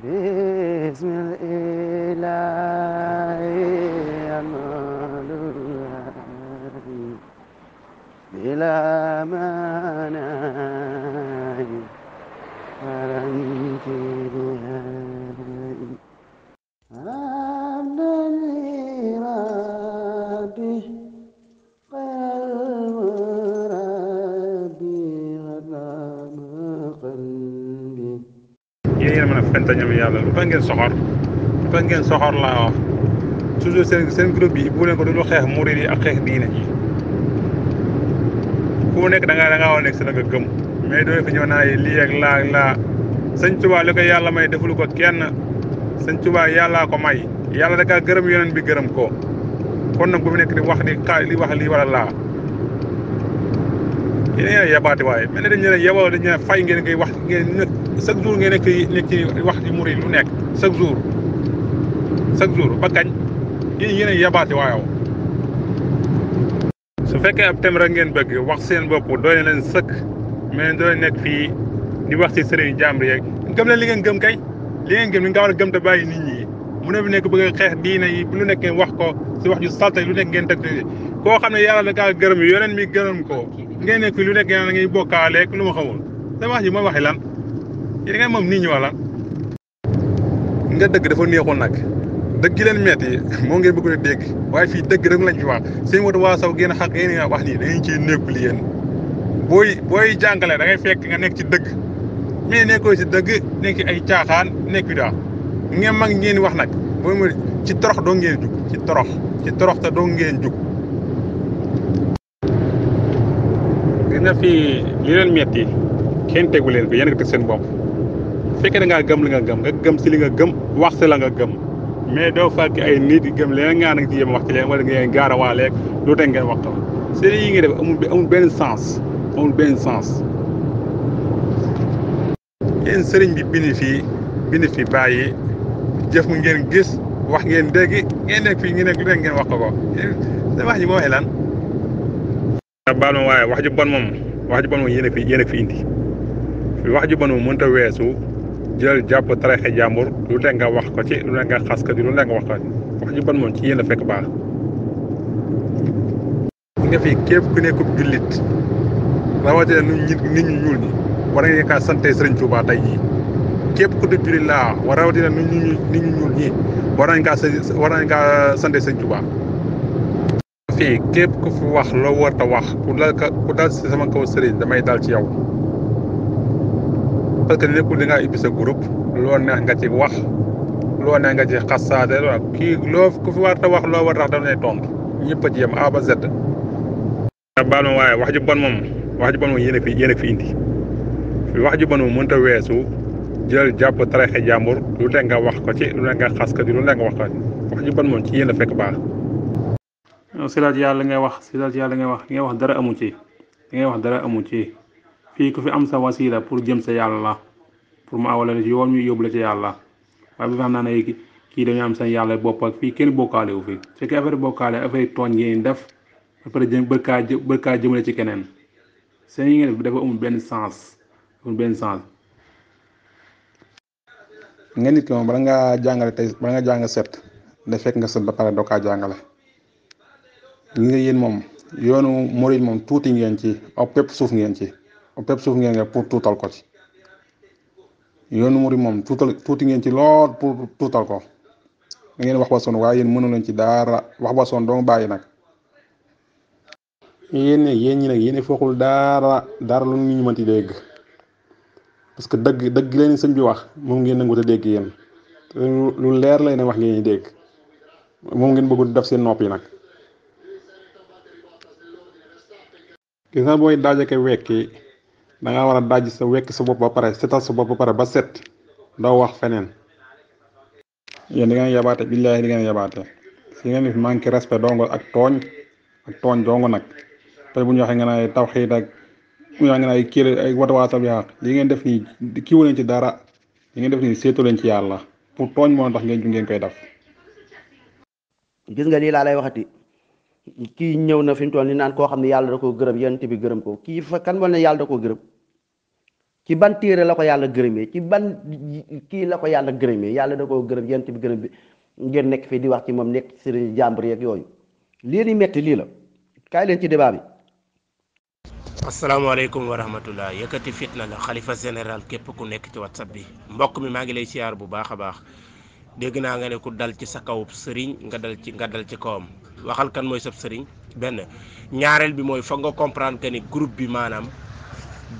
باسم الإله يمالها بلا مناع ولا انتهاء عبدا لربه غير المربي غدا yéen yéen a fenta ñam yàlla lu tax ngeen soxor lu tax ngeen soxor laa wax toujours seen seen groupe bu leen ko du lu xeex murid yi ak xeex diine ku nekk da ngaa da a nekk si la nga gëm mais doo fi ñëw naa yi lii ak laa laa sëñ Tuubaa li ko yàlla may deful ko kenn sëñ Tuubaa yàllaa ko may yàlla da kaa gërëm yeneen bi gërëm ko kon nag bu nekk di wax di xaar li wax li wala laa yéen a waaye mel ne dañu leen yeboo dañu fay ngeen koy wax ngeen chaque jour ngeen nekk nekk ci wax ci murid lu nekk chaque jour chaque jour ba kañ yéen yéen a yabaate aw su fekkee ab thème rek ngeen bëgg wax seen bopp doole leen sëkk mais doole nekk fii di wax ci sëriñ jàmbur yeeg gëm leen li ngeen gëm kay li ngeen gëm li nga war a gëm te bàyyi nit ñi mu ne fi nekk bëgg a xeex diina yi bu lu nekk ngeen wax ko si wax ju salte lu nekk ngeen teg koo xam ne yàlla da kaa gërëm yi yoneen mi gërëm ko ngeen nekk lu nekk yàlla ngay bokkaaleeg lu ma xamul sa wax ji mooy waxi lan yi nga moom nii ñu wala nga dëgg dafa neexoon nag dëgg gi leen metti moo ngeen bëgg a dégg waaye fii dëgg rek lañ fi wax seen watu waa saw génn xaq yéen nga wax nii da ngeen ciy nekkul yéen booy booy jàngale dangay ngay fekk nga nekk ci dëgg mais nekkoo ci dëgg nekk ay caaxaan nekk yu daal ngeen mag ngeen wax nag mooy mooy ci torox doo ngeen jug ci torox ci torox te doo ngeen jug gis nga fii li leen metti kenn tegu leen ko yéen a seen bopp fekkee da gëm li nga gëm nga gëm si li nga gëm wax si la nga gëm mais doo fàtte ay nit yi gëm leneen ngaa nag ci yem wax ci leen wala ngeen gaarawaaleeg lu teg ngeen waxtaan seen yi ngeen def amul amul benn sens amul benn sens. yéen sëriñ bi bind fii bind fii bàyyi jëf ngeen gis wax ngeen dégg ngeen nekk fii ngeen nekk lu teg ngeen wax ko ko sa wax ji moo waxee lan. baal ma waaye wax ju bon moom wax ju bon moom yéen a fi yéen fi indi wax ju bon moom mënut weesu. jël jàpp tarixe jàmbur lu ne nga wax ko ci lu ne nga xas ko ci lu ne nga wax ko ci wax ju bon moom ci yéen a fekk baax nga fi képp ku nekkub jullit ñuul war nga sante sëriñ Tuubaa képp ku dib jullit laa kaa war nañ kaa sante sëriñ Tuubaa fii képp ku fi wax loo war ta wax ku dal ku dal si sama kaw sëriñ damay dal ci yow parce que nekkul di ngaa ibbi sa groupe loo neex nga ci wax loo neex nga ci xasaate kii loo ku fi war a wax loo war tax dañ lay tontu a ci yem A Z. baal ma waaye wax ju bon moom wax ju bon moom yéen fi yéen fi indi wax ju bon moom mënut jàpp taraxe jàmbur lu nekk ko ci lu a fekk baax. yow si laaj ngay wax si laaj yàlla ngay wax li ngay wax dara amu ci li ngay wax dara amu ci. fii ku fi am sa wasila pour jëm sa yàlla pour mu awale la ci yoon la ci yàlla waaye bu fex naa ne kii dañu am seen yàlla bopp ak fii kenn bokkaale wu fi su fekkee affaire bokkaale affaire tooñ ngeen def après jëm bërkaa bërkaa jëmale ci keneen seen yi ngeen def dafa amul benn sens amul benn sens nga nit moom bala ngaa jàngale tey bala nga jàng set da fekk nga set ba pare doo kaa jàngale li nga yéen moom yoonu morit moom tuuti ngeen ci ak pépp suuf ngeen ci bépp suuf ngeen ngeen pour tuutal ko ci yoonu muri moom tuutal ngeen ci lool pour tuutal ko da ngeen wax ba sonn waaye mënu leen ci dara wax ba sonn bàyyi nag yéen yéen ñi nag yéen foogul dara dara lu ñu mënti dégg parce que dëgg dëgg leen sëñ bi wax moom ngeen nangu te dégg yéen lu leer lay wax ngeen dégg moom ngeen bëggu def seen nopp yi nag gis nga booy daajake wekki da nga war a daj sa wekk sa bopp ba pare setal sa bopp ba pare ba set doo wax feneen yéen di ngeen yabaate billaahi di ngeen yabaate si ngeen def manqué respect dongo ak tooñ ak tooñ dongo nag tey bu ñu waxee nga ne ay tawxiid ak bu ñu ne ay kii ay watawaata bi xaq ngeen def nii kiwu leen ci dara li ngeen def nii seetu leen ci yàlla pour tooñ moo tax ngeen ju ngeen koy def. gis nga lii laa lay waxati kii ñëw na fi mu toll nii naan ko xam ne yàlla da koo gërëm yonent bi gërëm ko kii fa kan wala ne yàlla da koo gërëm. ci ban téere la ko yàlla gërëmee ci ban kii la ko yàlla gërëmee yàlla da koo gërëm yent bi gërëm bi ngeen nekk fii di wax ci moom nekk ci sëriñ jàmbur yeeg yooyu lii di metti lii la kaay leen ci débat bi asalaamaaleykum wa rahmatullah yëkkati fitna la xalifa général képp ku nekk ci whatsapp bi mbokk mi maa ngi lay siyaar bu baax a baax dégg naa nga ne ku dal ci sa kaw sëriñ nga dal ci nga dal ci kawam waxal kan mooy sab sëriñ benn ñaareel bi mooy fa nga groupe bi maanaam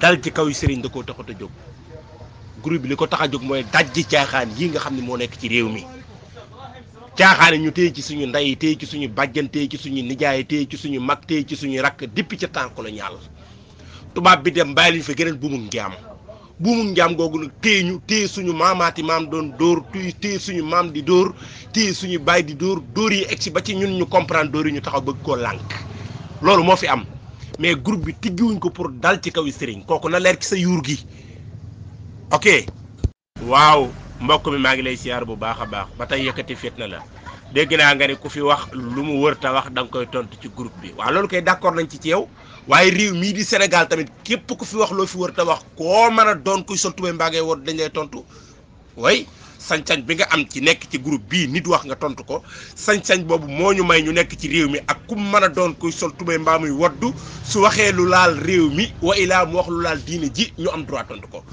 dal ci kaw yu sëriñ da koo taxat a jóg groupe bi li ko tax a jóg mooy dajji caaxaan yii nga xam ne moo nekk ci réew mi caaxaan ñu téye ci suñu ndey téye ci suñu bàjjan téye ci suñu nijaay téye ci suñu mag téye ci suñu rakk depuis ca temps colonial tubaab bi dem bàyyi lañu fa geneen buumu njaam buumu njaam googu nag téye ñu téye suñu maamaati maam doon dóor téye suñu maam di dóor téye suñu baay di dóor dóor yi egsi ba ci ñun ñu comprendre dóor yi ñu taxaw bëgg koo lànk loolu moo fi am mais groupe bi tiggiwuñ ko pour dal ci kaw sëriñ kooku na leer ci sa yuur gi ok waaw mbokk mi maa ngi lay siyaar bu baax a baax ba tey yëkkati fitna la dégg naa nga ne ku fi wax lu mu wër ta wax da koy tontu ci groupe bi waaw loolu koy d'accord nañ ci ci yow waaye réew mii di Sénégal tamit képp ku fi wax loo fi wër ta wax koo mën a doon kuy sol tubéy mbaa ngay dañ lay tontu way sañ bi nga am ci nekk ci groupe bii nit wax nga tontu ko sañ-sañ boobu moo ñu may ñu nekk ci réew mi ak ku mën a doon kuy sol tubéy mbaa muy waddu su waxee lu laal réew mi wa ilaa mu wax laal diine ji ñu am tontu ko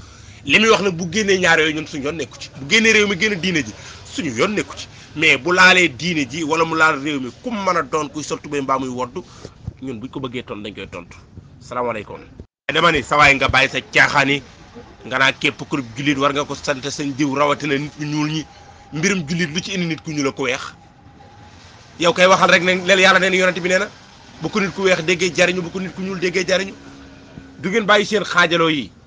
li muy wax nag bu génnee ñaar yooyu ñun suñu yoon nekku ci bu génnee réew mi génn diine ji suñu yoon nekku ci mais bu laalee diine ji wala mu laal réew mi ku mën a doon kuy sol tubéy mbaa muy waddu ñun buñ ko bëggee tontu dañ koy tontu salaamaaleykum. dama ni sawaay nga bàyyi sa caaxaan yi nga naa képp ku jullit war nga ko sant sañ diw rawatina nit ñuul ñi mbirum jullit lu ci indi nit ku ñuul la ko weex yow kay waxal rek ne leel yàlla nee na yonent bi nee na bu ko nit ku weex déggee jariñu bu ko nit ku ñuul déggee jariñu du ngeen bàyyi seen xaajaloo yi